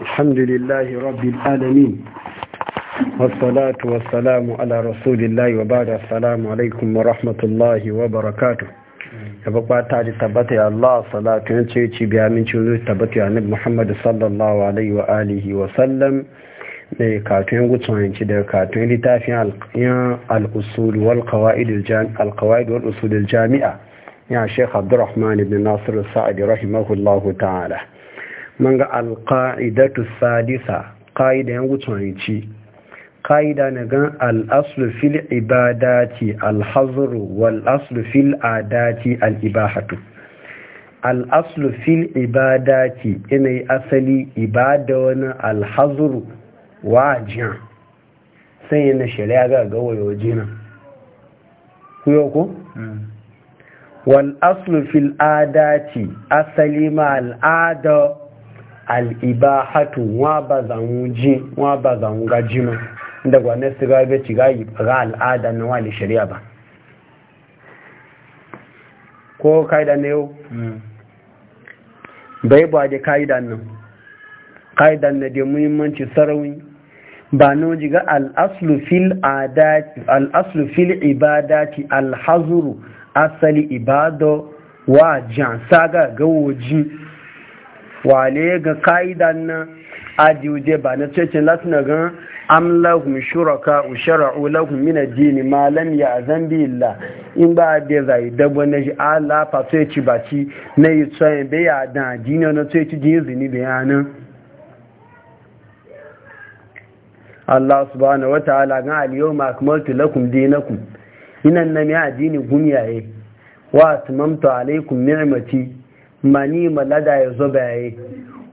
الحمد لله رب العالمين والصلاة والسلام على رسول الله وبعد السلام عليكم ورحمة الله وبركاته يبقى تعالي تبتي الله صلاة ينشيتي من شنو تبتي عن محمد صلى الله عليه وآله وسلم ne katun katon gutsuwanci daga katon littafin al'usul wal kawa'id wal usul jami'a ya sheikh abdurrahman ibn nasir sa'adi rahimahullahu ta'ala mun ga alƙa'idatu sadisa ƙa'ida yan wucewanci ƙa'ida na gan al'aslu fil ibadati alhazuru wal aslu fil adati al'ibahatu al'aslu fil ibadati ina yi asali ibada wani alhazuru wajen sai yana shari'a ga gawayo jina kuyo ku? Hmm. wal fil adati asali ma al'ada al'ibahatu wa ba zanwuji wa ba zanwuga jino da gwanin su gabe ci ga al'ada na wali shari'a ba ko kaida ne yau mm. bai ba da kaidan nan kaidan na da muhimmanci sarauni ba na ji ga al'aslu fil ibadati alhazuru asali ibado wa jan gawo gawoji wale ga ka'idan nan ajiye ba na cikin latin gan am lahum shuraka ushara'u lahum min ad-din ma lam ya'zan bi illa in ba da zai dabo na shi Allah fa ba ci baci na yi be ya da jini na to ci jin zini bayanan Allah subhanahu wa ta'ala ga al-yawma akmaltu lakum dinakum inan na mi jini gumiyaye wa atmamtu alaykum ni'mati mani malada ya zuba yayi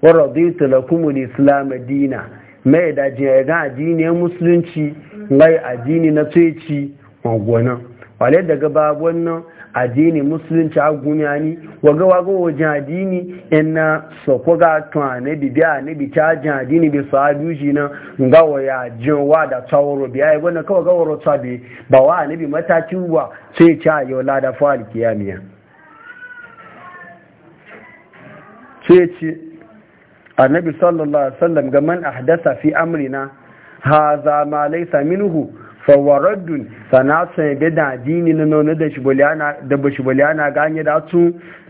wa raditu lakum al-islam dina mai da jiya ga addini musulunci mai addini na tsoyici wagwana wale daga babu wannan addini musulunci a gumiyani waga ga wajen addini ina sako ga tuwa na biya na bi cajin addini bi su aduji na ga ya jin wa da tsaworo biya ya gwanda kawai ga waro tsabe ba wa na bi matakin wa sai ci yau lada fa alkiyamiya sai ya ce annabi sallallahu alaihi wasallam ga man ahdasa fi amrina haza ma laysa minhu fa waraddun sana sai ga da dini na nono da shibuliyana da bashibuliyana ganye da su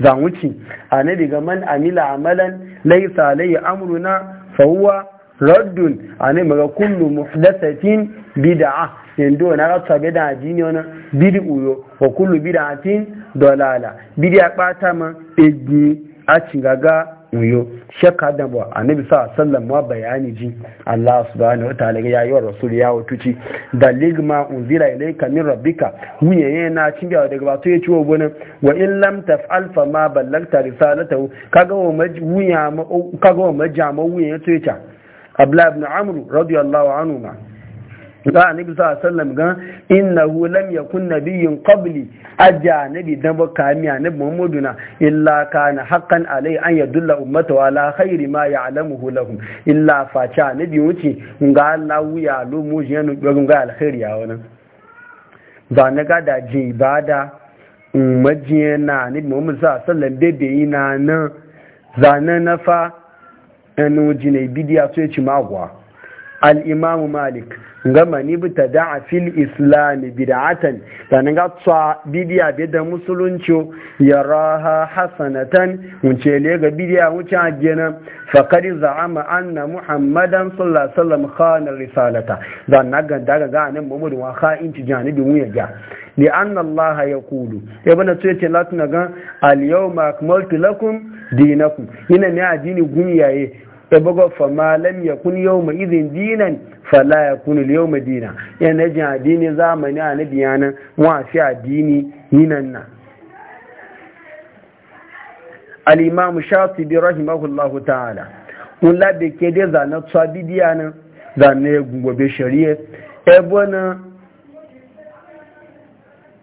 zanwuci annabi ga man amila amalan laysa alayhi amruna fa huwa raddun annabi ga kullu muhdathatin bid'ah yando na rasa bida dini ona bid'u wa kullu bid'atin dalala bid'a bata ma egi a gaga uyo shakka da ba annabi sa sallan ma bayani ji Allah subhanahu wa ta'ala ya yi wa rasul ya wutuci da ligma unzira ilayka min rabbika wuye yana da daga ba to ya wa gona wa in lam taf'al fa ma ballagta risalatahu kaga wa majmuya kaga wa majama wuye ya to ya ta abla ibn amru radiyallahu anhu ga annabi sa sallam ga innahu lam yakun nabiyyun qabli ajja nabi dan ba kami annabi muhammadu na illa kana haqqan alai an yadulla ummata ala khairi ma ya'lamuhu lahum illa fa cha nabi wuce ga Allah wuya lu mu je nu ga alkhairi ya wannan ba na ga da je ibada majiye na annabi muhammadu sa sallam bebe ina nan zanan nafa enu jinai bidiya so ya ci magwa al'imamu malik gama ni bita da'a fil islami bida'atan sannan ga tsa bidiya bida musulunci ya raha hasanatan wuce ga bidiya wuce a gina fakari za'ama anna muhammadan sallallahu alaihi wasallam khana risalata zanna ga daga ga nan muhammadu wa kha'in ci janibin wuya ga li anna allah ya kulu ya bana so yace latin ga al yawma akmaltu lakum dinakum ina ne addini gumiyaye fa fama lam yakun yawma idhin dinan fala yakun al yawma dina yana jin addini zamani annabi yana wa fi addini yinan na al imam shatibi rahimahullahu ta'ala un la be kede za na tsabi diana za ne gungo be shari'a ebona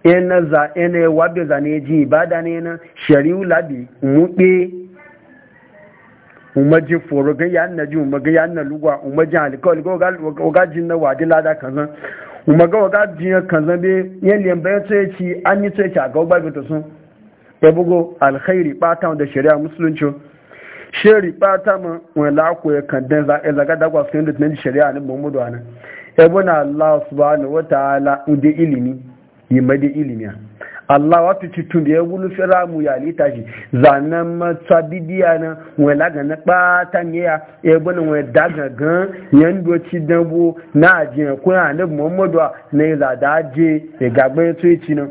ena za ena wabe za ne ji ibada ne na shari'u labi mu umaji foro ga yan na ji umaga yan na lugwa umaji alikawal ga waga jin na wadi lada kanzan umaga waga kan kanzan be yan liyan bayan tsaye ci an yi tsaye ci a ga gbaga e ta sun ya bugo alkhairi bata da shari'a musulunci shari'a bata ma wani lako ya kandan e zaga dagwa sun da tunan shari'a ne muhammadu anan ya e bana allah subhanahu wa ta'ala inda ilimi yi madi ilimi Allah wata cutun da ya wulu fira mu ya lita shi zanen matsa bidiya na wala ga na ya e wani daga gan yan doci dabo na ajiyar kuna na muhammadu na ya zada aje ya ya tsoye ci nan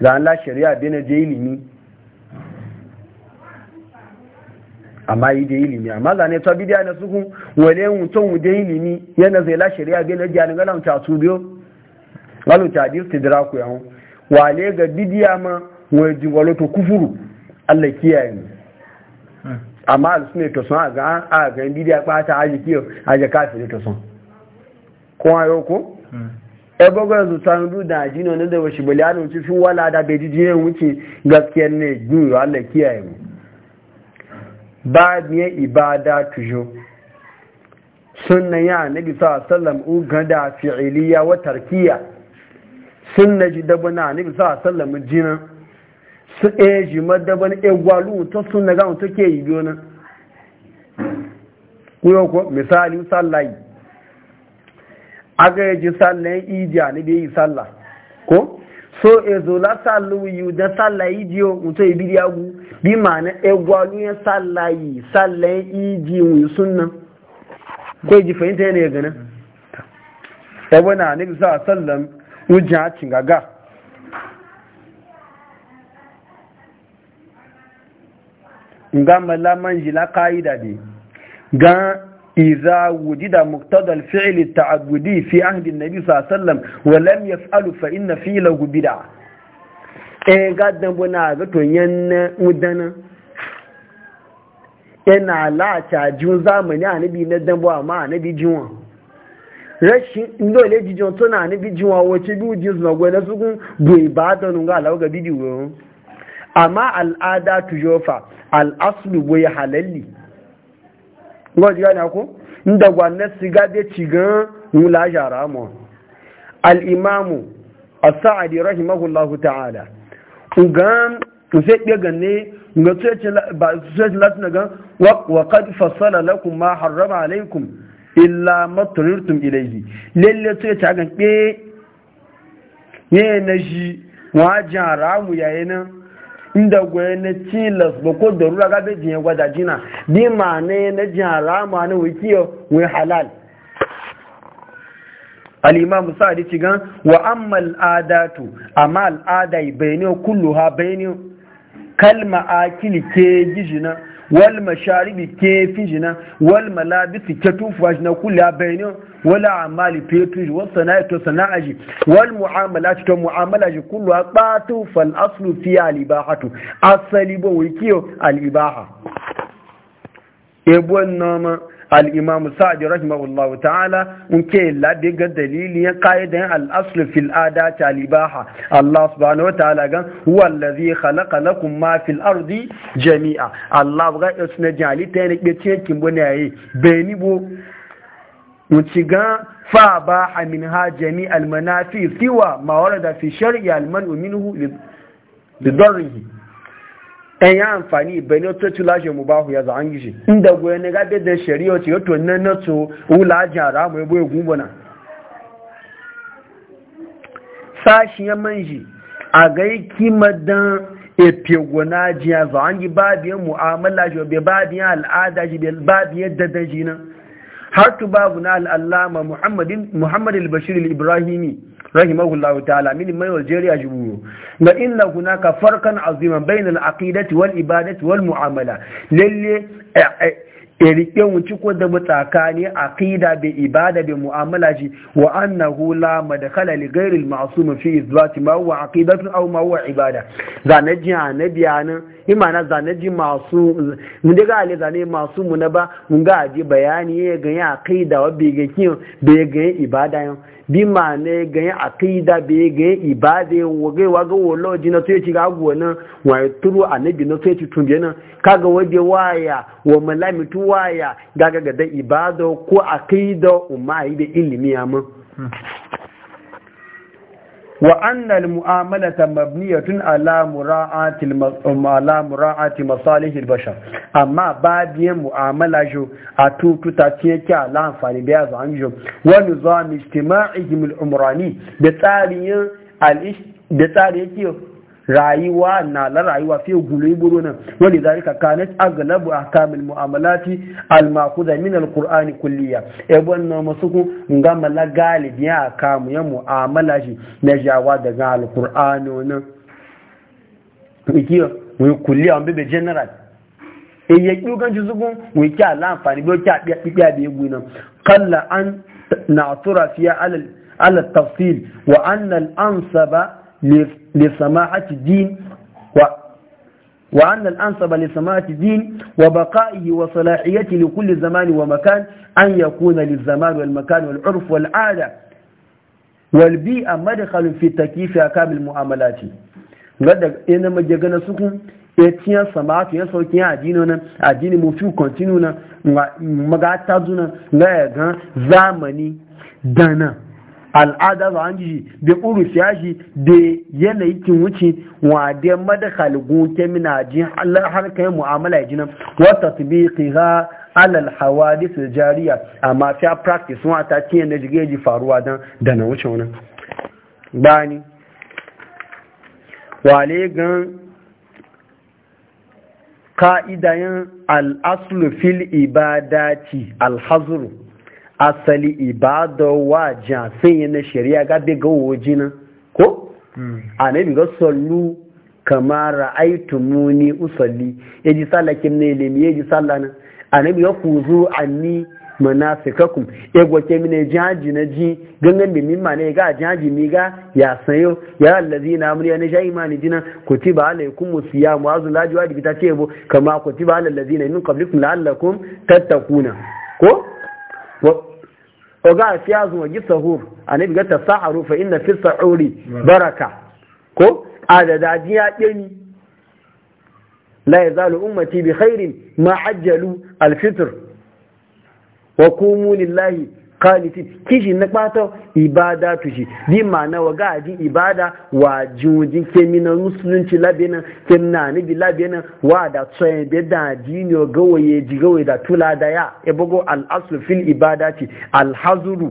zanen la shari'a na je ilimi amma yi da ilimi amma zane ta bidiya na suku wale da ilimi yana zai la shari'a bai na jiya gana biyu wani hadis su dira ku yawon wale ga didiya ma wani jingwalo to kufuru allah kiyaye mu hmm. amma alisu suna to sun a ga yin didiya ba ta aji kiyo aji kafin to sun kuma yau ko hmm. ebogo yanzu san da a jino wani zai shi bali ana fi wala da bai jijiyar wuce gaskiya ne juyo allah kiyaye mu ba ne ibada tujo sunan ya nabi sallallahu alaihi wasallam ugada fi'iliya wa tarkiya sun na ji dabo na anabi sa sallama jinan su ɗaya e ji madaba na egwalu ta sunna na gama take yi biyo nan kuyo ko misali sallayi aga ji sallayin idi anabi yi ko so ezola sallayi da sallayi o mutu ibi diyagu bi ma na egwalu ya sallayi sallayin idi wuyi sunna. ko ji fahimta yana ya ganin ebe na anabi sa sallam wujin hacin gaga ga malaman jila ka'ida ne ga iza wujida muktadal fi'li ta'abbudi fi ahdi an-nabi sallallahu alaihi wasallam wa lam yaf'alu fa inna fi'lahu bid'a e ga dan bona ga to yanna mudana Ina e la ta jun zamani annabi na dan bo amma annabi jinwa rashin ndo le jijon tona ni bijin wa wace bi ujin su magwai na sukun bai ba da nunga alawa ga bidi wurin amma al'ada tu al'asulu al'aslu bai halalli ngwa jiga na ko inda gwanne siga da cigan wula jara mu al'imamu as-sa'di rahimahullahu ta'ala ugan to sai ɗaya ganne ga tsoyaci latin ga wa qad fassala lakum ma harrama alaikum illa maturirtum ilayhi lalle to ya tagan pe ne na shi wajen haramu yayi na, inda gwaye na tilas ba ko da rura gabe jiyan gwada jina bi ma ne na jin haramu na wikiyo wai halal al-imam sa'adi ci gan wa amma al'adatu amma al'ada bayani kulluha bayani kalma akili ke gijina wal masharibi ke fijina wal malabisi ke tufuwa na kula bayanin wala amali to tuji wal sana'a to sana'aji wal mu'amalati to mu'amalaji kullu aqatu fal aslu fi alibaha ibahatu asali bo wikiyo al ibaha ebon al'imamu sa'adu rahimahullahu ta'ala ke labe ga dalilin ƙa'idan al'aslu filada ada talibaha Allah subhanahu wa ta'ala gan wallazi khalaqa lakum ma fil jami'a Allah ga na jali ta yana ke cikin bane yayi beni bo ci ga fa ba minha jami'al manafi siwa ma warada fi shar'i minhu ɗan ya amfani bane to ci lashe mu bahu ya za an gishi inda goye ne gabe da shari'a ce yato nan na to wula jara mu ya boye gumbana sashi ya manji a ga yi kimadan efe gona jiya za an yi babiyan mu'amala shi ba babiyan al'ada shi bai babiyan dadan shi har tu babu na al'allama muhammadin muhammadin bashir ibrahimi rahimahullahu ta'ala min mai Algeria jibuyo na inna hunaka farkan aziman bainal aqidati wal ibadati wal mu'amala lalle eh, eh, erike wuci ko da tsakani aqida da ibada da mu'amala ji wa annahu la madkhala li ghayri al ma'sum fi ithbat ma huwa aqidatu aw ma huwa ibada zanaji annabi anan imana zanaji masu mun daga ale zane masu mu ba mun ga aji bayani ya ga ya aqida wa bi ga kin bi ga ibada yan bi ma ne ganyen aqida be ganyen ibade wage wage wolo jina to yaci ga agwo nan wa turu annabi na to yaci tumbe nan kaga waje waya wa malami tu waya daga ga da ibada ko aqida umma ide ilimi amma wa annal mu'amalata mabniyatun ala mura'ati ala mura'ati masalih al-bashar amma babiye mu'amala jo a tutu ta ce ki ala amfani da yazo an jo wa nizam ijtima'ihim al-umrani da tsariyin al da tsariyin rayuwa na la rayuwa fi gulai iburo nan wani ka kanat aglabu ahkamil mu'amalati al ma'khudha min al qur'an kulliya e wannan masuku ngama la galib ya kamu ya mu'amala shi na jawa daga al qur'an nan ikiyo mu kulliya on be general e yaki ganji zugun mu ki ala amfani bi ki a abi abi egu nan qalla an na'tura fiya ala al tafsil wa anna al ansaba لسماحة الدين و وأن الأنصب لسماحة الدين وبقائه وصلاحيته لكل زمان ومكان أن يكون للزمان والمكان والعرف والعادة والبيئة مدخل في تكييف أكام المعاملات قد إنما جغنا سكون etiyan samatu ya sauki ya adini nan adini mu fi kontinu nan magata zuna ga zamani dana al'ada ba an ji da uru shi da yanayi kin wuce wa da madakal goke mina ji kai mu'amala ya jinan wata bi ha alal hawadis jariya amma fi practice wa ta kiyan da jigeji faruwa dan da na wuce wannan bani wale gan ka'idayen al'aslu fil ibadati al-hazru asali ibado wa jasin na shari'a gabe ga wajina ko hmm. annabi ga sallu kama ra'aytumuni usalli yaji e sallakin ne lemi yaji e sallana annabi ya kuzu anni manasikakum ego ke mine jaji na ji gangan da mimma ne ga jaji mi ga ya sayo ya allazina amri ya nisha imani jina kutiba alaikum siyam wa azul ajwa ce tebo kama kutiba alal ladina min qablikum la'allakum tattaquna ko oga a fiya zuwa gi sahur a nabi saha tasa'aru fa inna fi sa'uri baraka ko a da daji ya ƙirni la zalu, ummati bi khairin ma ajjalu al-fitr wa qumu lillahi kalitin kishi na kpata ibada tushi bi ma'ana wa gaji ibada wa ke kemina musulunci labina kemina nabi labina wa da tsoye bi da jini gawaye ji gawaye da tula da ya ebogo al'asu fil ibada ce alhazuru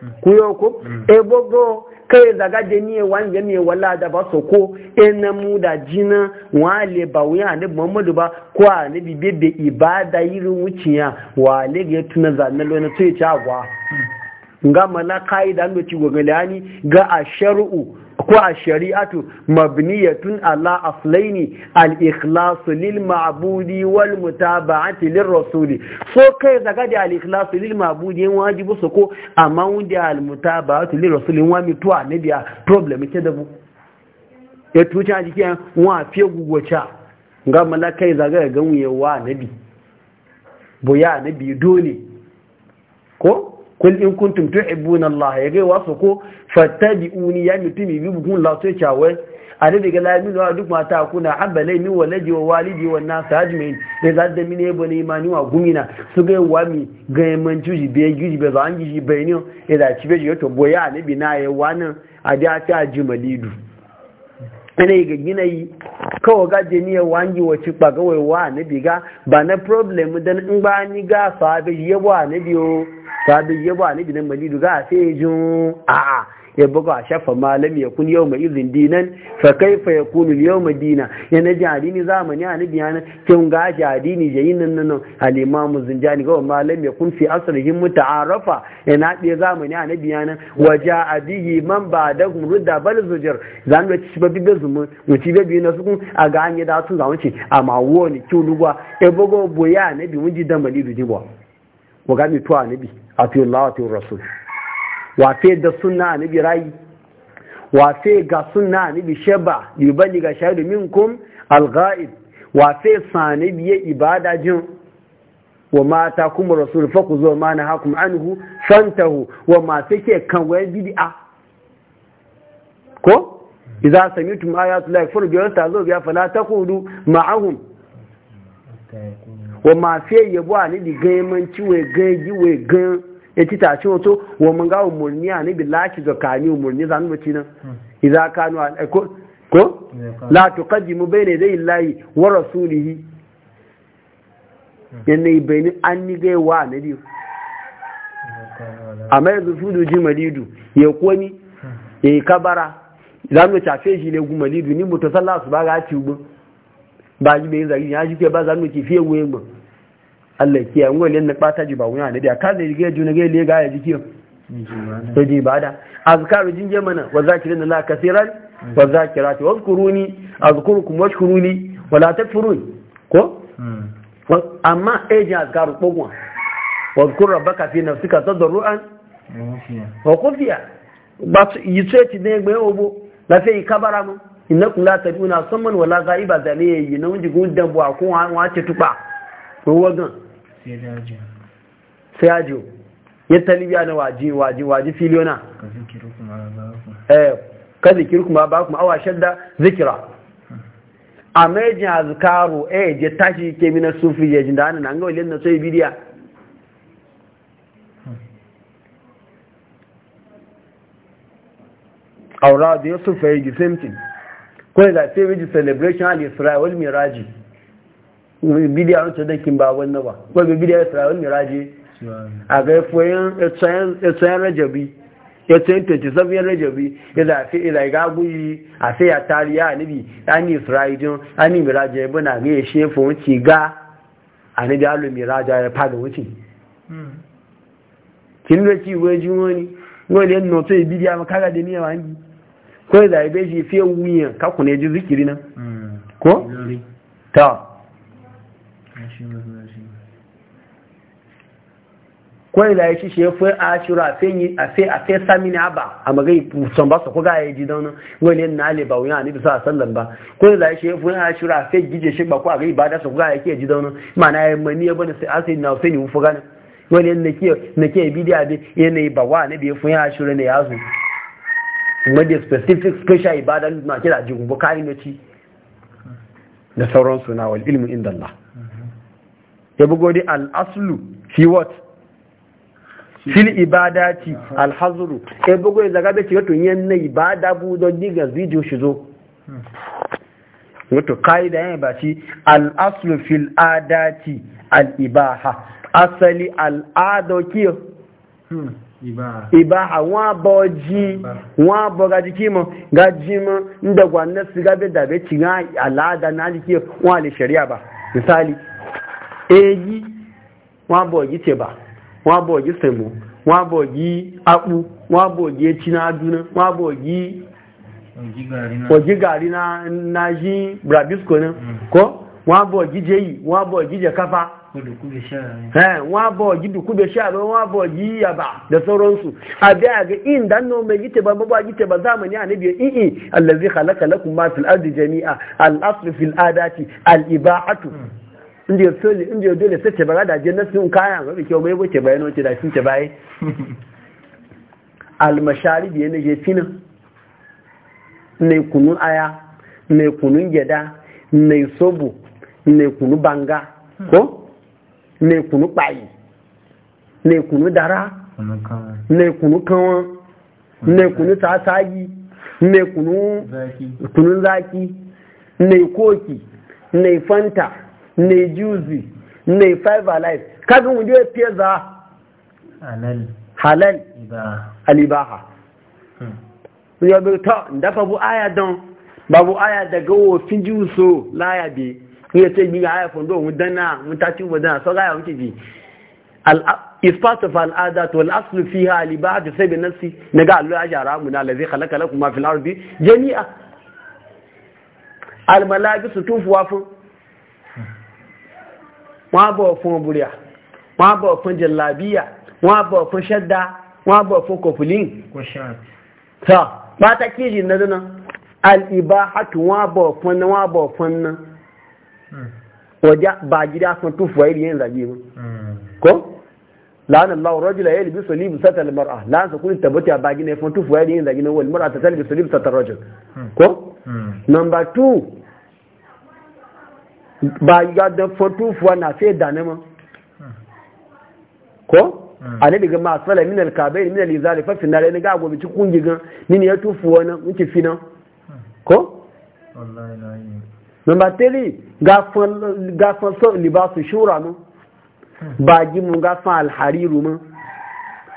hmm. kuyo hmm. ebogo kai zaga da ni wan ga me wala da ba so ko ina mu da jina wale ba wuya ne Muhammadu ba ko annabi bebe ibada irin wuciya wale ga tuna zanna lona to ya ci ga mala kaida ndo ci gogale ani ga asharu ko a shari'atu mabniyatun ala aslaini al-ikhlasu lil ma'budi wal mutaba'ati lir rasuli so kai daga da al-ikhlasu lil ma'budi yan wajibu su ko amma wanda al mutaba'ati lir rasuli wa mi to anabiya problem ke da bu ya ta jikin wa fiye gugwacha ga malakai zaga ga ganwe wa nabi boya nabi dole ko kul in kuntum tuhibbuna Allah ya gaiwa su ko fattabi'uni ya mutumi bi bukun Allah sai kyawe a da daga lamin wa duk mata kuna abbalai min walaji wa walidi wa nas ajmain da za da mine bo ne imani wa gumina su ga wa mi ga man juji be juji be zan juji be ne ya da ci be yo to boya ne bi na ya wannan a da ta jumalidu ina ga gina yi kawai ga jini ya wangi wace ba ga wa ne bi ga ba na problem dan in ba ni ga fa be yabo ne biyo sabin yabo a nabi nan malidu za a sai jin a'a ya buga a shafa malami ya kun yau mai izin dinan fa fa ya kunu yau mai dina ya na jadini zamani a nabi yana kin ga jadini yi nan nan alimamu zinjani ga malami ya kun fi asrihin muta'arafa ya na ɗaya zamani a nabi yana Waje a bihi man ba da rudda bal zujar Za mu ci babbi da zumu mu ci biyu na sukun a ga an yi da sun zamanci ni kyau lugwa ya buga boya nabi mun ji da malidu dibo wa ga mi na nabi Ati Allah atiyu Rasul wafe da sunna anabi rayi wafe ga sunna anabi sheba yubali ga shaidu minkum al-ghaib wafe sani ya ibada jin wa mata kuma rasul faku zuwa ma na hakum anhu fantahu wa masu ke kan wayan bid'a ko idza sami'tum ayatu la yakfuru bi ta zo biya fala taqulu ma'ahum wa mafiya yabo a nibi gaimanci wai gaji wai gan ya ci tashi wato wa mun ga umarni a nibi laki ga kani umarni zanu baci nan idza kanu eh, ko ko la tuqaddimu bayna yaday llahi wa rasulihi hmm. yanne bayni an ni gai wa nabi amma yanzu fudu ji malidu ya kwani, hmm. ya yi kabara zanu tafe shi ne gu malidu ni mutasalla su ba ga ci gun ba ji bayin zagi ya ji ke ba za mu ki fiye wuye mu Allah ki an gole na bata ji ba wuya ne da ka da ga juna ga le ga ya ji ki to ji bada azkaru jinje mana wa zakirin la kaseeran wa zakirati wazkuruni azkurukum washkuruni wala ni ko hmm. amma ejin azkaru kogun wazkur rabbaka fi nafsika tadarruan wa khufiya ba yi tsaye ne gbe obo la sai kabara mu innakum la taduna samman wala ghaiba zane yayi na wunji gundan buwa ko wa ce tuba ko wagan sai ya sai ya talibiya na waji waji waji filiona eh ka ma ba kuma awa shadda zikira a mejin azkaru eh je tashi ke mina sufi je jinda nan ga walen na sai bidiya aura da yusuf ya yi kawai za sai wiji celebration al-isra wal miraji bidiya wancan dakin ba wannan ba kawai bidiya isra wal miraji a ga foyan etsayen rajabi etsayen 27 rajabi ya zafi ilaiga guyi a sai ya tari ya anibi ani isra'idin ani miraji ya bana ga ya shefa wuce ga anibi alu miraja ya fada wuce kin da ci wajen wani wani yan noto ya bidiya makaga da niyawa hangi ko a ibe ji fiye wuyan kaku ne ji zikiri nan ko ta ko da ya ci shi fi ashura a sai a sami ne ba a magai son ba su ko ga ya ji don wani na ale ba wuyan anibi sallan ba ko ya fi ashura a sai gije shi ba ko a ga ibada su ko ga ya ji don mana ya mani ya bane sai na sai ni wufu gana wani na ke bidiya da yanayi ba wa ya fi ashura ya zo made specific special ibada na kira jigun bukari na ci da sauransu na wal ilmin inda Allah ya bugo dai al'aslu fi what fil ibadati alhazuru ya bugo ya zaga bai cikin yan na ibada bu do diga zidiyo shi zo wato ka'ida ya ba ci al'aslu fil adati al'ibaha asali al'adokiyar hmm. iba ha nwa abọ ji nwa abọ gaji kimo gaji mo inda gwanne su gabe da be cin al'ada na jiki nwa le shari'a ba misali eyi nwa abọ ji teba nwa abọ ji semo nwa abọ ji akpu nwa abọ ji echi na aduna nwa abọ ji oji gari na na ji brabisco na mm. ko nwa abọ ji jeyi nwa abọ ji je kafa wọ́n bọ̀ jí dùkúbẹ̀ ṣàrọ̀ wọ́n bọ̀ jí yàbà da sauransu a biya ga in dan nan mai gita ba mabuwa gita ba zamani a nabi i'i allazi khalaqa lakum ma fil ardi jami'a al asl fil adati al iba'atu hmm. inda yau dole inda yau dole sai ce ba da jinna sun kaya ga kyau mai boke bayano ce da sun ce baye eh. al masharib yana je fina ne kunun aya ne kunun gyada ne sobo ne kunu banga ko hmm. ne kunu kpayi ne kunu dara ne kunu kanwa ne kunu tasaji ne kunu kunun zaki ne koki ne fanta ne juzi ne five alive kaga mu je pizza halal alibaha ya ta dafa bu aya don babu aya daga wofin juso laya bi ya ce bi ya fundo mu dana mu ta ci wadana so ga ya wuce ji ispat of al'adat wal asl fiha li ba'd sabi nafsi naga Allah ya jara mu na allazi khalaqa lakum ma fil ardi jami'a al malaikatu tufuwa fu wa ba fun buriya wa ba fun jallabiya wa ba fun shadda wa ba fun kofulin ko shat ta ba ta kiji na dana al ibahatu wa ba fun wa ba nan waje hmm. ba gida sun tufuwa iri yin zage mu hmm. ko la'ana Allah rajula yalbi salibu satal mar'a la'an sa kun tabbata ba gida sun tufuwa iri yin zage wal mar'a ta talbi libi satal rajul hmm. ko number 2 ba gida sun tufuwa na sai danama ko annabi ga masala min alkabain min alizali fa finna ne ga gobe kungi ga ni ne ya tufu wani muke fina ko Number three, gafan son libasu shura mu, Baji mu fan alhariru mu,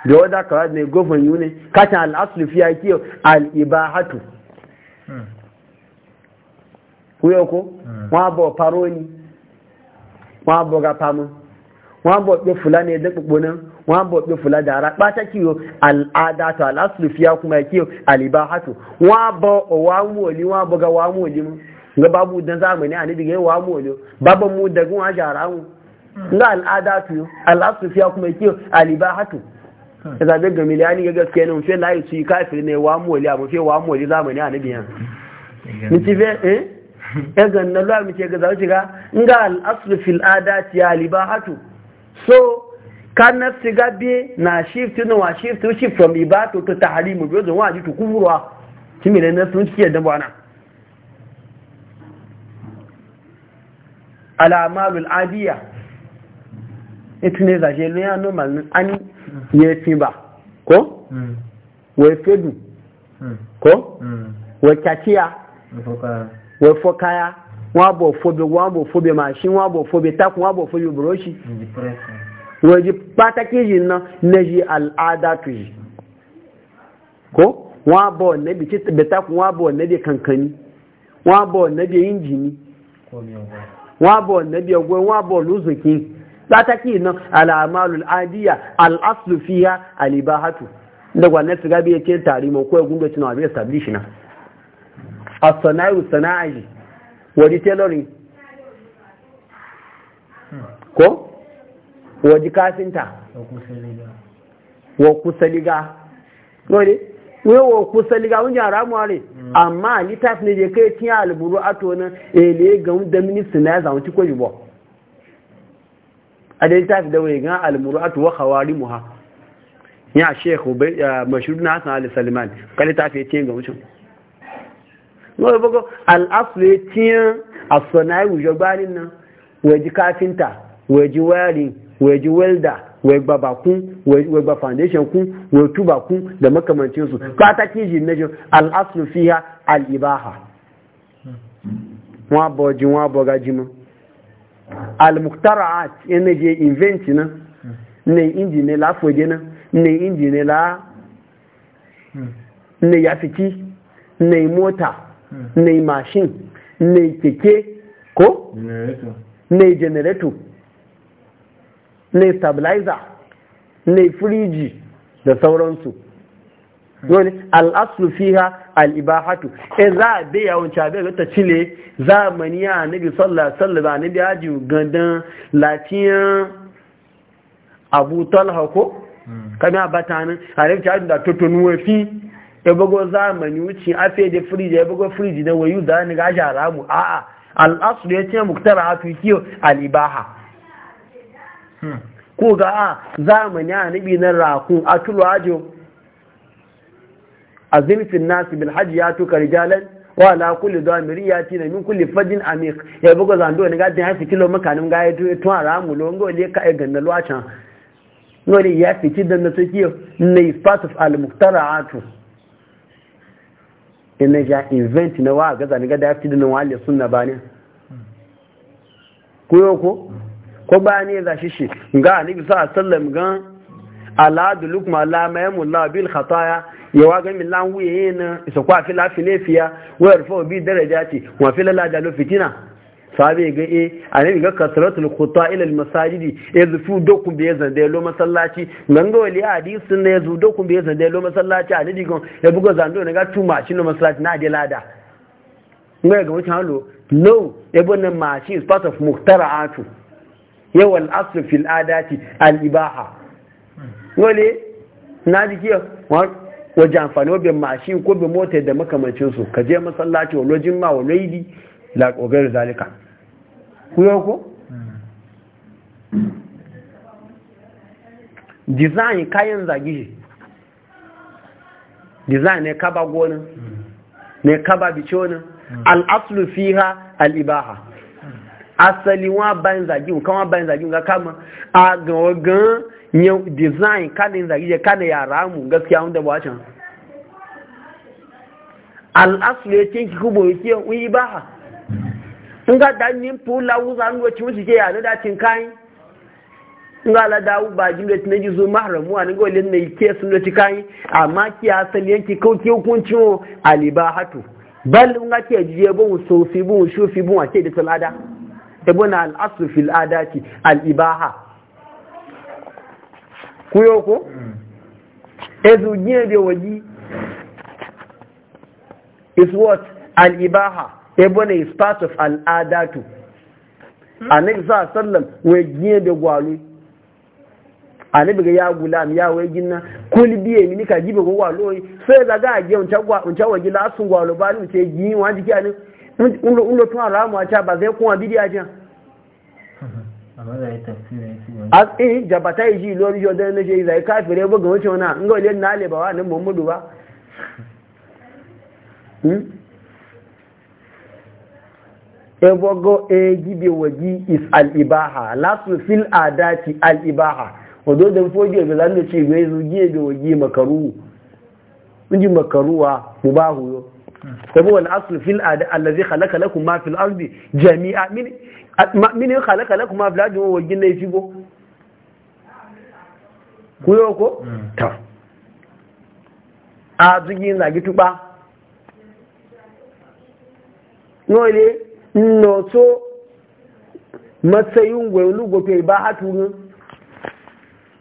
da wadda kawai mai gofan yi ne, katin al'asulu fiye kiyo al'ibahatu. Kuyo ko? Hmm. Wọ́n bọ̀ faro ni, wọ́n bọ̀ mu, wọ́n bọ̀ pé fula ne da kpokpo nan, wọ́n bọ̀ pé fula da ɓata kiyo al'adatu al'asulu fiye kuma kiyo al'ibahatu. Wọ́n bọ̀ ọwa wọli, wọ́n bọ̀ ga wa mu. ga babu dan zamani annabi dige wa mu lo baban mu da gun ajara mu ga tu al'asu fiya kuma kiyo alibahatu da hmm. ga miliyani ga gaske ne mun fi layi su kafir ne wa mu wali amma fi wa mu wali zamani an yan ni ci hmm. fe eh ya na la mu ce ga za ci ga ga al'asu fil adati alibahatu so kan na siga bi na shift no wa shift shift from ibatu to tahrimu bi zo wa ji to kufurwa kimi ne na sun ci da bana al'amalul adiya ita ne zashe luya normal an fi ba ko? Hmm. wai fedu hmm. ko? Hmm. wai kyakiya wai fokaya wọ́n bọ̀ fóbe wọ́n bọ̀ fóbe machine takun wọ́n bọ̀ fóbe buroshi wọ́n jí pátákì ko wọ́n bọ̀ nẹ́bi tí bẹ̀takun wọ́n bọ̀ kankani injini wabo nabi ogwe wabo luzuki lataki na al'amalul adiya al'aslu fiha alibahatu da gwanne su gabi yake tari mu ko gundo cin abi establish na as-sana'u sana'i wadi tailoring ko wadi kafinta wa kusaliga ngode wewo kusa liga wunja haramu ne hmm. amma littafi ne je kai tiya alburu ato nan ele eh, ga da minista na ya zama ci kwaji ba a da littafi da wai gan alburu ato wa hawari muha ya shekhu mashiru na hasan ali salman ka littafi ya tiya ga wucin wani bago al'asu ya tiya a sanayi wujabanin nan waji kafinta waji wayarin wai ji welda wai gba bakun wai gba foundation kun wai tuba kun da makamancin su ba ta kiji na jin al'aslu fiha al'ibaha wa boji wa boga jima al-muqtara'at yana je invent na ne inji ne la foje na ne inji ne la ne yafiki ne mota hmm. ne mashin ne keke ko ne generator ne stabilizer na firiji da sauransu wani al'aslu fiha al'ibahatu e za a bai yawon cabe ta cile zamani ya nabi sallallahu alaihi wasallam ya ji gandan latiyan abu talha ko hmm. kami a batanin a rafi cajin da tuttunu wafi ya bago zamani wuce a fiye da firiji ya bugo firiji da wayu da ni gashi haramu a'a al'aslu ya ce muktara a fi kiyo al'ibaha ko ga a ah, zamani a nabi na rakun a tulu ajo a zinfin nasu bil hajji ya tuka rijalan wa ala kulli damiri ya ci na min kulli fajin amik ya buga zando ne ga ya fi kilo makanin ga ya a ramu lo ngo le ka ga na lwacan ngo le ya fi kidan na take na is part of al muqtara'atu ina ja invent na wa ga zani ga da fi da na wali sunna bane ko ko ko ba ne za shi shi ga anabi sa sallam gan aladu lukma la mayamu la bil khataya yawa ga min lan wuye na isa kwa fi lafi lefiya wa yarfa bi darajati wa fi la da fitina sabe ga e eh, anabi ga kasratul khuta ila al masajidi yazfu bi yazan zande lo masallaci nan ga wali hadisin ne yazu bi yazan zande lo masallaci anabi ga ya buga zando ne ga tuma shi no masallaci na da lada ngai ga wata halo no ebe na mashi part of muhtara'atu yawan aslu fil adati al’ibaha. ibaha wale na jiki waje amfani wa bin mashin ko bin mota da makamancin su ka je masallaci wani jin ma wani yi la kogar zalika ku yau ko design kayan zagi design ne kaba gonin ne kaba biconin hmm. al aslu fiha al’ibaha. asali wa bayan zagi kan wa bayan zagi ga kama a ga gan ya design kada zagi ya kada yara mu gaskiya wanda ba can al aslu yake ki kubo yake uyi ba in da ni nin lawusa wuza ngo ci wuce ya da tin kai in ga la dawo ba jin da tinaji zo mahramu an ga lin ne sun da kai amma ki asali yake ko ki hukuncin alibahatu bal in ga ke jiye bon sofi bon shufi bon ake da talada ebona al'asu fil adati al'ibaha kuyo ko? Hmm. ezu nye da waji is what al'ibaha ebona is part of al'adatu hmm. a na isa sallam waje da gwalu a na ya gulam ya wajin na kuli biye mini ka jibe gwalo sai zaga a je wancan waje lasun gwalo ba ni wuce yi wa jiki a ulo tun alamu ba zai kuma bidiya a jabata yi buga wana na ale muhammadu ba ebogo e gibe waji is al'ibaha lasu fil adati al'ibaha ibaha da foge ga zanen ce bai zo giye da makaru inji makaruwa mu ba yo. وهو الأصل في الأد الذي خلق لكم ما في الأرض جميعا من من خلق لكم ما في الأرض وجنا يجيبه كيوكو تا a لagi tuba nole no so matsayin gwayo lugo pe ba hatu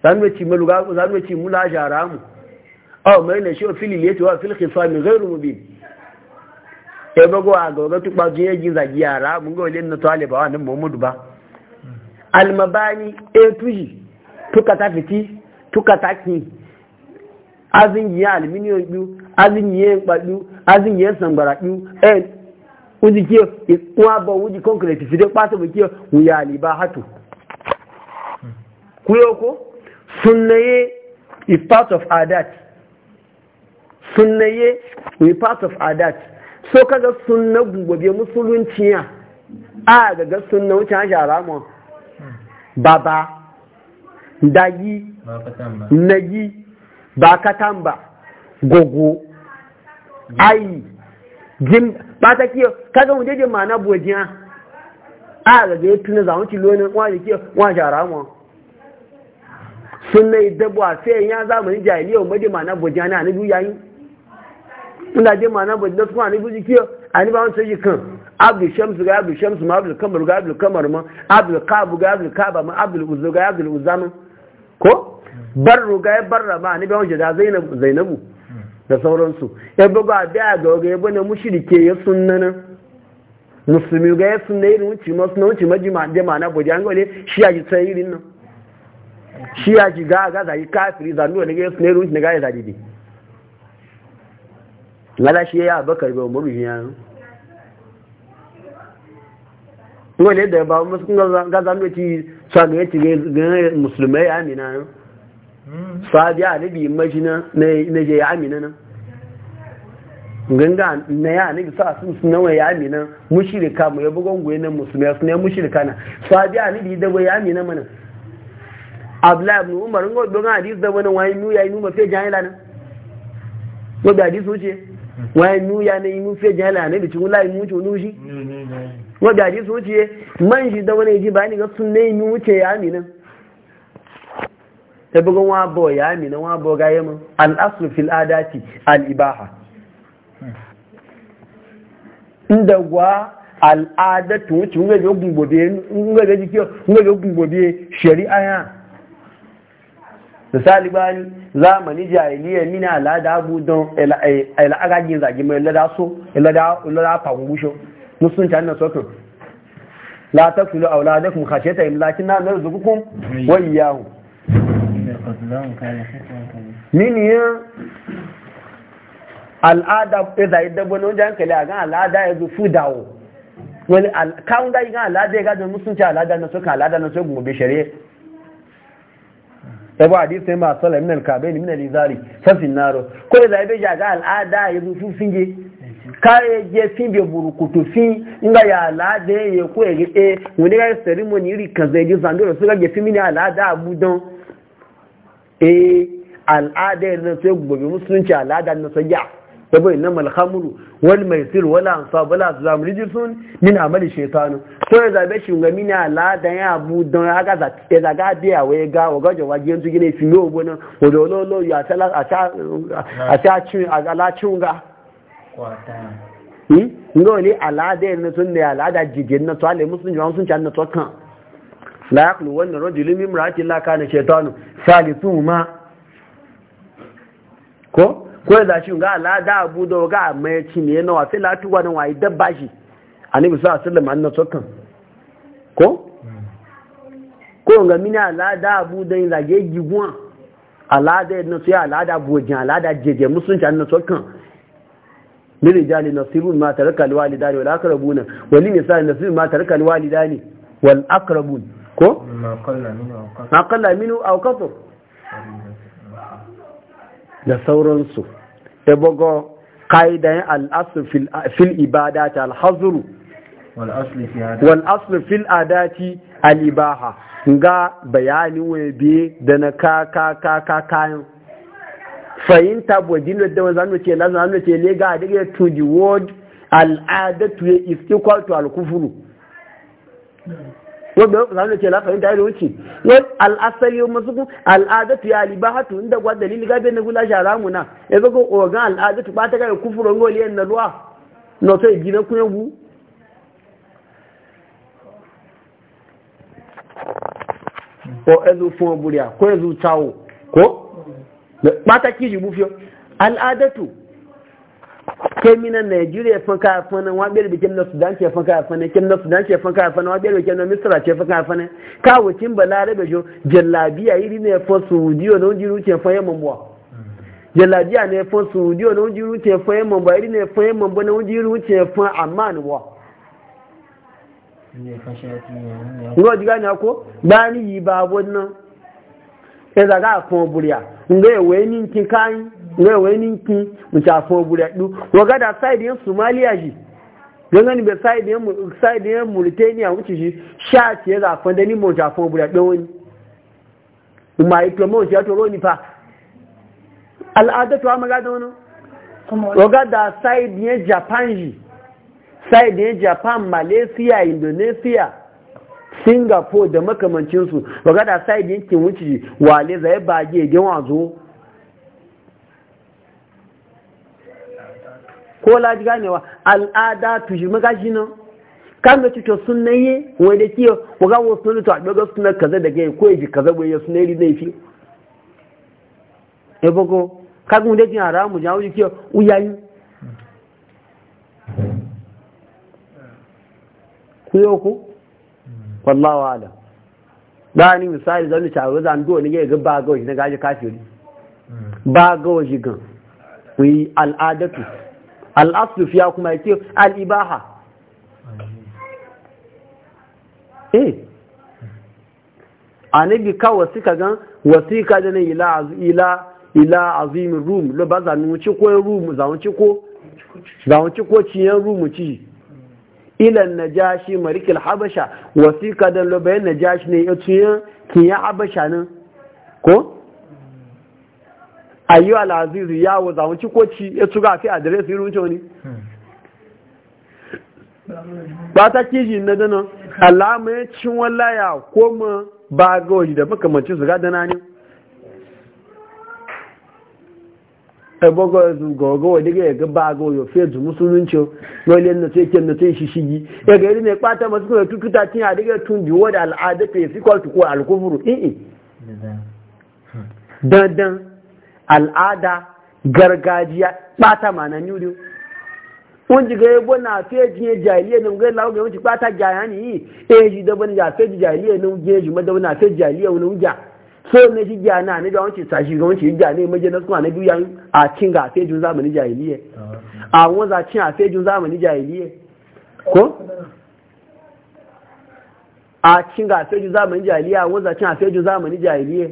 zanwe ci mulaja aw mai ne shi ofili yace wa fil khisami ghairu mubin ya bago a gauga tukpa zuwa yi zagi yara mun ga wajen na tuwale ba wani muhammadu ba almabani a tuji tuka ta fiti tuka ta ki azin yi alminiyon biyu azin yi kpadu azin yi sambara biyu en wuji kiyo ikuwa ba wuji concrete fide kwasa ba kiyo wuya liba hatu kuyo ko sunnaye is part of adat sunnaye we part of adat so kaga sunna gobe musulunci ya a daga sunna wuce an shara mu baba dayi nayi ba katamba gogo ayi jim ba ta kiyo kaga mu je mana bojiya a daga ya tuna zamu ci lonin wa da kiyo wa shara mu sunna idda ba sai ya zamanin jahiliya mu je na bojiya na ni yayin ina je mana ba da kuma kiyo ani ba an sai kan abdul shams ga abdul shams ma abdul kamar ga abdul kamar ma abdul qab ga abdul qaba ma abdul uzza ga abdul uzza ma ko barru ga barra ma anibu an da zainab zainabu da sauransu ya buga biya ga ga ya ne mushrike ya sunnana musulmi ga ya sunna irin wuce ma sunna wuce ma jima da mana buji an gole shi ya ji irin nan shi ya ji ga ga da kafiri zanu ne ga sunna irin wuce ne ga ya da dai lala shi ya abakar bai umaru ya yi wani da ba masu kun gaza noti sa ya tire ganin musulmai amina yau sabi a nabi majina na je ya amina nan ganga na ya nabi sa sun suna wa ya amina mushirika mu ya bugon goyi na musulmai suna ya mushirika na sabi a nabi da ya amina mana abdullahi ibn umar ngo don hadis da wani wani ya yi numa fe jahila nan ngo da hadis wuce wọ́n ẹnu ya ní imú fẹ́ jẹ́ láàrin ibi tí wọ́n láì Wani tí wọ́n lóṣí wọ́n dàjí tó ṣe máa ń ṣe dánwọ́n èjì bá nìkan tún ní imú wuce ya mi náà ẹgbẹ́gbẹ́ wọn bọ̀ ya mi náà wọ́n bọ̀ gáyé Al al'asul fil adati al'ibaha inda al adatu wuce ngwege ogun gobe shari'a ya misali bani zamani jahiliya mina alada abu don al'agagin e, zagi mai lada so lada fagungusho nusun can na sokin la ta filo a wula dakum kashe ta lakin na nan zukukun wani yahu miniyan e al'ada ya zai dabba na wajen hankali a gan al'ada ya zufu dawo wani kawun da yi gan al'ada ya gajin musulunci al'ada na soka al'ada na soka gobe shari'a yabo hadisi ne masu sallah minal kabeni minal izari fasin naro ko da zai beja ga al'ada ya zo sun finge kaye je fin be burukutu fin nga ya al'ada ya ko ya e wani ga ceremony iri kaza ya zangiro su ga je fin mini al'ada abudan eh al'ada ne sai gobe musulunci al'ada ne sai ya sabo inna mal khamru wal maisir wala ansab wala azlam rijsun min amali shaytan so ya zabe shi ngami ne ala da ya bu don aga za te za ga dia we ga o ga jo waje yanzu gine fi no bona o do lo lo ya tala a ta a ta chi aga la chunga kwata hmm ngo ni ala da ne sun ne ala da jijin na to ale musun jwan sun can to kan la yaqulu wannan rajulun mimra'atin la kana shaytanu salithuma ko ko da shi ga ala da abu da ga mai ci ne na wafi latu wa wa yi dabba shi annabi sallallahu alaihi wasallam annan sokan ko ko ga mini ala da abu da yin zage giguwa ala da na sai ala da bojin ala da jeje musunci annan sokan lirijali nasibun ma taraka alwalidani wal aqrabuna wal nisa nasibun ma taraka alwalidani wal aqrabun ko ma kalla minu aw kasur da sauransu ya bago ƙa'idayen al'asu fil ibadati al'azuru wal adati al ga bayani wani biye da na ka ka ka ka kayan fahimta wajen da wanzan ce lazan an ce lega a daga to the word al'adatu ya is equal to al wanda ya kusa ce lafayin da ya wuce wai al'asali yau masu al'adatu ya liba hatu inda gwa dalili gabe na gula shara muna ya zago ogan al'adatu ba ta kufuru kufurin goliyan na ruwa na so gina kunya gu ko ezu fun buriya ko ezu tawo ko ba ta kiji bufiyo al'adatu kemina Nigeria fun ka fana wa bere bikin na Sudan ke fun ka fana kin Sudan ke fun ka fana wa bere bikin na Misra ke fun ka fana ka wucin balarabe jo jallabiya iri ne fa Saudiyo na jiru ke fa yamma bwa jallabiya ne fa Saudiyo na jiru ke fa yamma bwa iri ne fa yamma bwa na jiru ke fa Amman bwa ngo diga na ko bani yi ba wannan sai daga fon buriya ngo ewe ni kin kan wai wai ninki mu ta fo buradu waga da side yan Somalia ji don gani bai side yan side yan Mauritania wuce shi sha ce za fa da ni mu ta fo buradu wani kuma yi kuma mu ta to ro ni fa al'ada to amma ga da wani waga da side yan Japan ji side yan Japan Malaysia Indonesia Singapore da makamancinsu ba gada side yankin wuce wale zai bage gyan wazo ko laji ganewa al'ada maka shi nan kan da cuta sunaye wanda kiyo waga wasu ne to a daga suna kaza da gani ko yaji kaza bai suna ne ri ne fi Ya bugo kagun da jin haramu jawo ji kiyo uyayi ku yo ku wallahu ala ni misali zan ta zan ndo ne ga ba ga wajin ga ji kafiri ba ga wajin gan, wi al'adatu al'aslu fiya kuma ce al'ibaha eh bi ka wasika gan wasika da nan ila azimin rum lo ba zanu ci ko rum zanu ci ko rum ci ilan na ja shi marikil habasha wasika da lo bayan shi ne ya ciyen kiyan habasha nan ko Ayi al ya wa zamu ci koci ya tuga fi address irin to ne ba ta kiji na dana alama ya cin wallaya ko mu ba ga wani da makamanci su ga dana ne ebogo su gogo wani ga yaga ba ga wani fiye su musulunci wani na sai kyan na sai shi shigi ya e ga ne kwata masu kuma tututa cin a daga tun biyu da al'ada ta yi fi kwalta ko alkufuru i'i dandan al'ada gargajiya bata mana nyuri wọ́n ti gẹ̀ẹ́ bọ́ náà fẹ́ jí jàìlíẹ̀ ní gẹ́gẹ́ láwọn gẹ̀ẹ́ wọ́n yi. pátá jàyà nìyí èyí dọ́bọ̀ ní fẹ́ jí jàìlíẹ̀ ní jẹ́ jùmọ́ na náà fẹ́ jàìlíẹ̀ wọn jà so ní ti jà náà níbi àwọn ti sàṣì wọn ti jà ní ìmọ̀jẹ́ náà sún àníbi yan àti nga àfẹ́jú zámù ní jàìlíẹ̀ àwọn zàtí àfẹ́jú zámù ní jàìlíẹ̀ ko àti nga àfẹ́jú zámù ní jàìlíẹ̀ àwọn zàtí àfẹ́jú zámù ní jàìlíẹ̀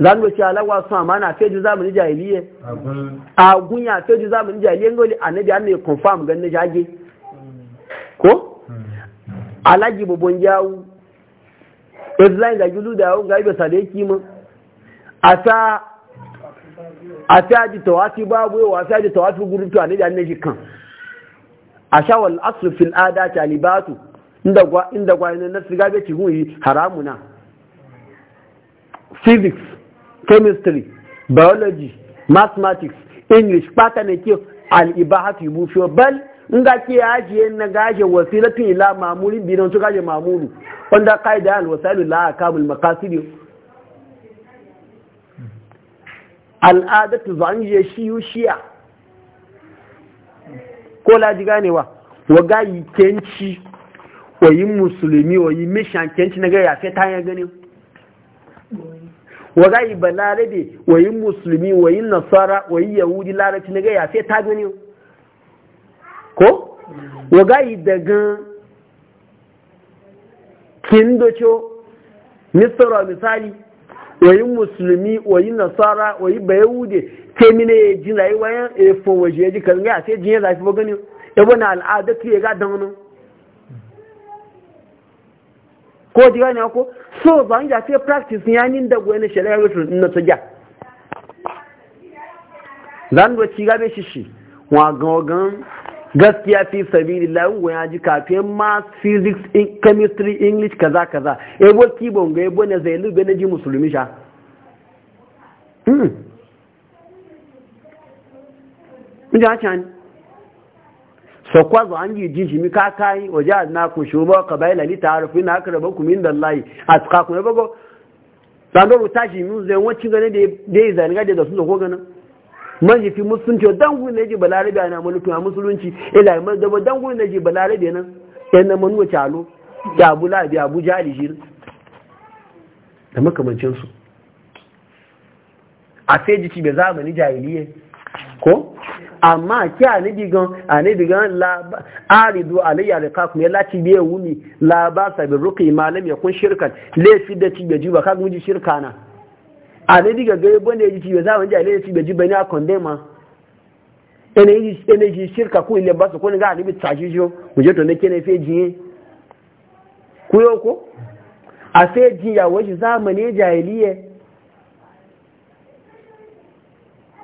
zan ga cewa lawa sun amana feju zamani jahiliye a gunya feju zamani jahiliye ngoli annabi an ne confirm gan ne jage ko hmm. alaji bobon jawu Israel da gudu da ga ibe sadeki mu ata ata di tawafi babu wa ata di tawafi gurutu annabi an ne kan a shawar fil adati alibatu inda gwa inda gwa ne na sigabe ci haramu na physics chemistry biology mathematics english pata ne ke al'ibahatu yi bufiyo bal in ga ke ajiye na gaje wasilatun ila mamurin bi don gaje mamuru wanda qaida al wasailu la kamul maqasid al adatu zanje shiyu shiya ko la ji ganewa wa ga yi kenci wa yi musulmi wa yi mishan kenci na ga ya fe ta ya ganewa wa ba larabe wa yi musulmi wa yi nasara wa yi yahudi larabci na gaya sai ta gani ko wa gai daga kindocho misra misali wa yi musulmi wa yi nasara wa yin bayahude ke mine ya ji rayuwa ya fowaje ya ji kan gaya sai jin ya zafi ba gani ya bana al'ada ya ga dan wani ko ji gane ko so ba ni da fi practice ya nin da gwanin shari'a tun na tsaja dan go ci gabe shi shi wa gogan gaskiya fi sabilillah wa ya ji kafin math physics chemistry english kaza kaza e bo ki bon ga e bo ne zai lube na ji musulmi sha hmm ina chan sakwazo an yi ji shi mi ka kai waje na ku shuba kabaila li ta'arufu na haka akrabu kum inda Allah kuma ne bago sando ruta shi mu zai wancin gane da dai zan ga da su ko ganin man yi fi musulunci dan gu ne ji balarabi ana mulku a musulunci ila man da dan gu ne ji balarabi nan yana manuwa chalo da Abu Labi Abu Jali shi da makamancin su a sai ji ci be zamani jahiliye ko amma ki anibi gan anibi gan la aridu alayya biye wumi la ba sa bi ruqi ma lam yakun shirkan le fi da ti beji ba ka guji shirkana anibi ga ga bone ji ti za wanda le ti beji bani akon ma ene yi ene ji shirka ku ile ba su ko ni ga anibi tajijo mu je to ne kene fe jiye ku yo ko a fe jiya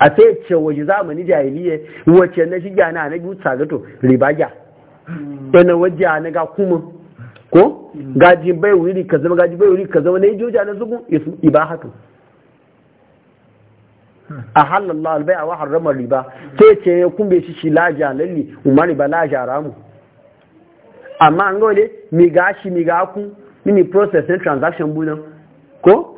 a sai ce waje zamani jahiliya wace na shiga na na biyu tsagato ribagya yana waje na ga kuma ko mm. gajin bai wuri ka zama gajin bai wuri ka zama na yi joja na zugun haka? a halallah albai a wahar ramar riba sai ce ya kumbe shi shi laja lalli umar riba laja ramu amma an gole mi gashi mi ga ku? mini process na transaction bunan ko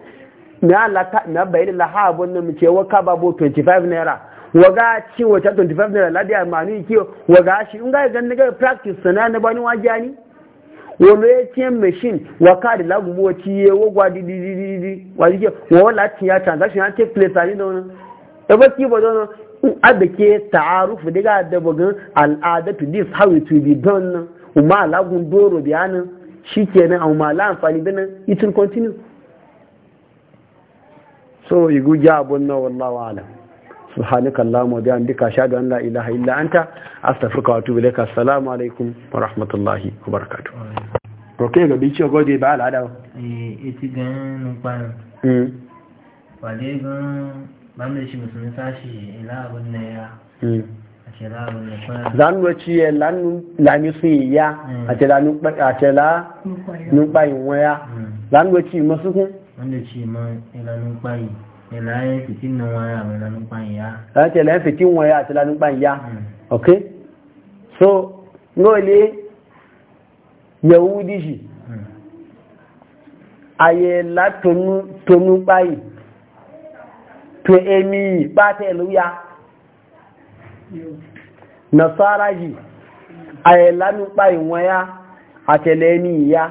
na lata na bayin la ha bon mu ce wa ka 25 naira waga ci wata 25 naira ladi ladiya manu ki waga shi in ga gan daga practice sana na bani wajani wolo ATM machine wa card la gubo ci ye wo gwa di di di di wa ji wo la ti ya transaction an take place ani don e ba ki bodo no abeke ta'aruf daga da bugun al'adatu this how it will be done umma lagun doro biyana shikenan amma la amfani bana it will continue so yi guji abun na wallawa alam subhanaka allahumma kalla hamdika ashhadu an la'ila haila illa ta astafirka wato atubu ilaika Salamu alaikum wa rahmatullahi wa barakatu roke ga bi ci gode ba al'ada eh eti gan npa hmm. wale gan bamle shi sashi ila abun na ya mm lanu ci yi ya a tela pa atela nu pa masu kun wanda ce ma ilanun kwayi ilayen fitin nan waya ilanun kwayi ya ta ce fitin waya a kwayi ya ok so ngole yahudi shi aye la tonu kwayi to emi ba nasara ji aye lanun kwayi waya a telemi ya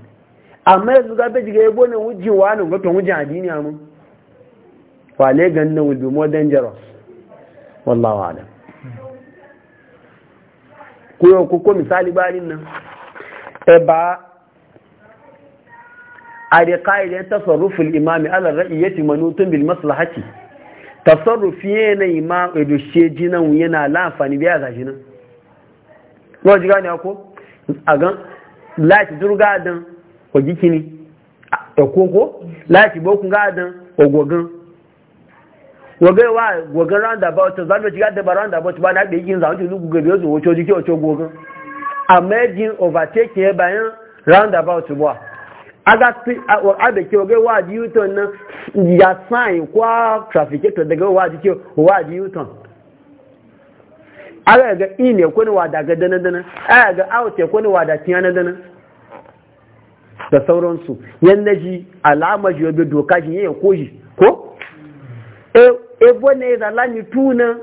amma yanzu ga bai jiga yabo ne wujin wani gato wujin addini a mun kwale ganin na be more dangerous wallahu alam ko ko misali balin nan e ba ari qaida tasarrufin imami ala ra'iyati manutun bil maslahati tasarrufi yana imam edo sheji nan yana lafani biya shi nan ko jiga ne ko a gan lati durga dan ogi kini ekoko láti gbókun gáàdán ogogun wọ̀gẹ́ wà wọ̀gẹ́ roundabout tó zánú ti gáàdán bá roundabout bá dágbé yìí zàwọn tí olúgbogbo èdè oṣù oṣù ojú kí oṣù ogogan amẹ́jìn overtaking ẹba yẹn roundabout bọ́ agasi di uton di di uton aga ga in ya kwani wada ga dana dana aga ga out ya da sauransu yanda ji alama ji yobe doka shi ya koji ko e e bone da tuna